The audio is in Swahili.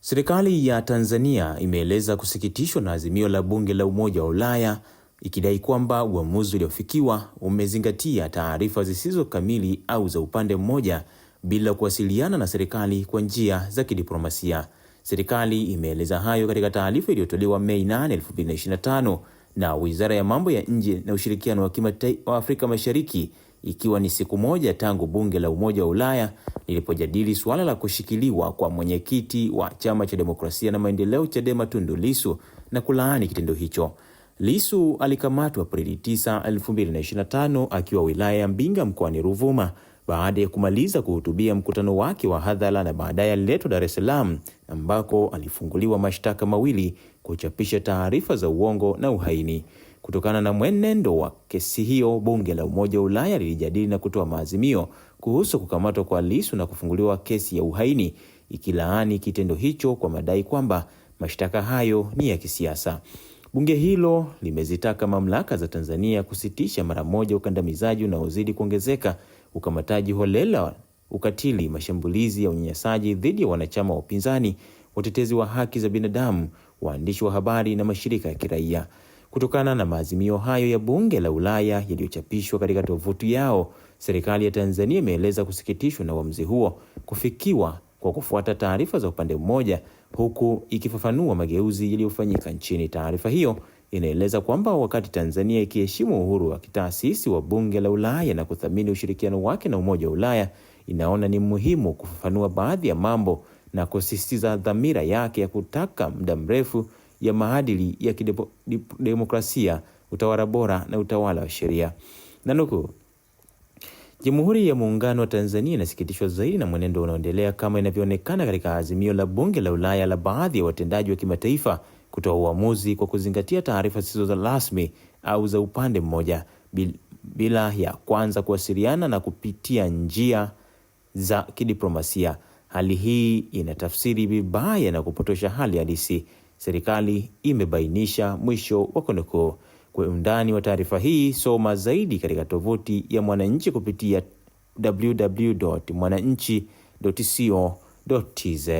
Serikali ya Tanzania imeeleza kusikitishwa na azimio la Bunge la Umoja wa Ulaya ikidai kwamba uamuzi uliofikiwa umezingatia taarifa zisizo kamili au za upande mmoja bila kuwasiliana na serikali kwa njia za kidiplomasia. Serikali imeeleza hayo katika taarifa iliyotolewa Mei 8, 2025 na Wizara ya Mambo ya Nje na Ushirikiano wa Kimataifa wa Afrika Mashariki, ikiwa ni siku moja tangu Bunge la Umoja wa Ulaya lilipojadili suala la kushikiliwa kwa mwenyekiti wa Chama cha Demokrasia na Maendeleo CHADEMA, Tundu Lisu na kulaani kitendo hicho. lisu alikamatwa Aprili 9, 2025 akiwa wilaya ya Mbinga mkoani Ruvuma baada ya kumaliza kuhutubia mkutano wake wa hadhara na baadaye aliletwa Dar es Salaam ambako alifunguliwa mashtaka mawili kuchapisha taarifa za uongo na uhaini. Kutokana na mwenendo wa kesi hiyo, bunge la Umoja wa Ulaya lilijadili na kutoa maazimio kuhusu kukamatwa kwa Lissu na kufunguliwa kesi ya uhaini, ikilaani kitendo hicho kwa madai kwamba mashtaka hayo ni ya kisiasa. Bunge hilo limezitaka mamlaka za Tanzania kusitisha mara moja ukandamizaji unaozidi kuongezeka, ukamataji holela, ukatili, mashambulizi ya unyanyasaji dhidi ya wanachama wa upinzani, watetezi wa haki za binadamu, waandishi wa habari na mashirika ya kiraia. Kutokana na maazimio hayo ya Bunge la Ulaya yaliyochapishwa katika tovuti yao, serikali ya Tanzania imeeleza kusikitishwa na uamuzi huo kufikiwa kwa kufuata taarifa za upande mmoja, huku ikifafanua mageuzi yaliyofanyika nchini. Taarifa hiyo inaeleza kwamba wakati Tanzania ikiheshimu uhuru wa kitaasisi wa Bunge la Ulaya na kuthamini ushirikiano wake na Umoja wa Ulaya, inaona ni muhimu kufafanua baadhi ya mambo na kusisitiza dhamira yake ya kutaka muda mrefu ya maadili ya kidemokrasia, utawala bora na utawala wa sheria. Nanuku, Jamhuri ya Muungano wa Tanzania inasikitishwa zaidi na mwenendo unaoendelea kama inavyoonekana katika azimio la Bunge la Ulaya la baadhi ya watendaji wa kimataifa kutoa uamuzi kwa kuzingatia taarifa zisizo za rasmi au za upande mmoja bila ya kwanza kuwasiliana na kupitia njia za kidiplomasia. Hali hii inatafsiri vibaya na kupotosha hali halisi, serikali imebainisha. Mwisho wa kunukuu. Kwa undani wa taarifa hii soma zaidi katika tovuti ya Mwananchi kupitia www.mwananchi.co.tz.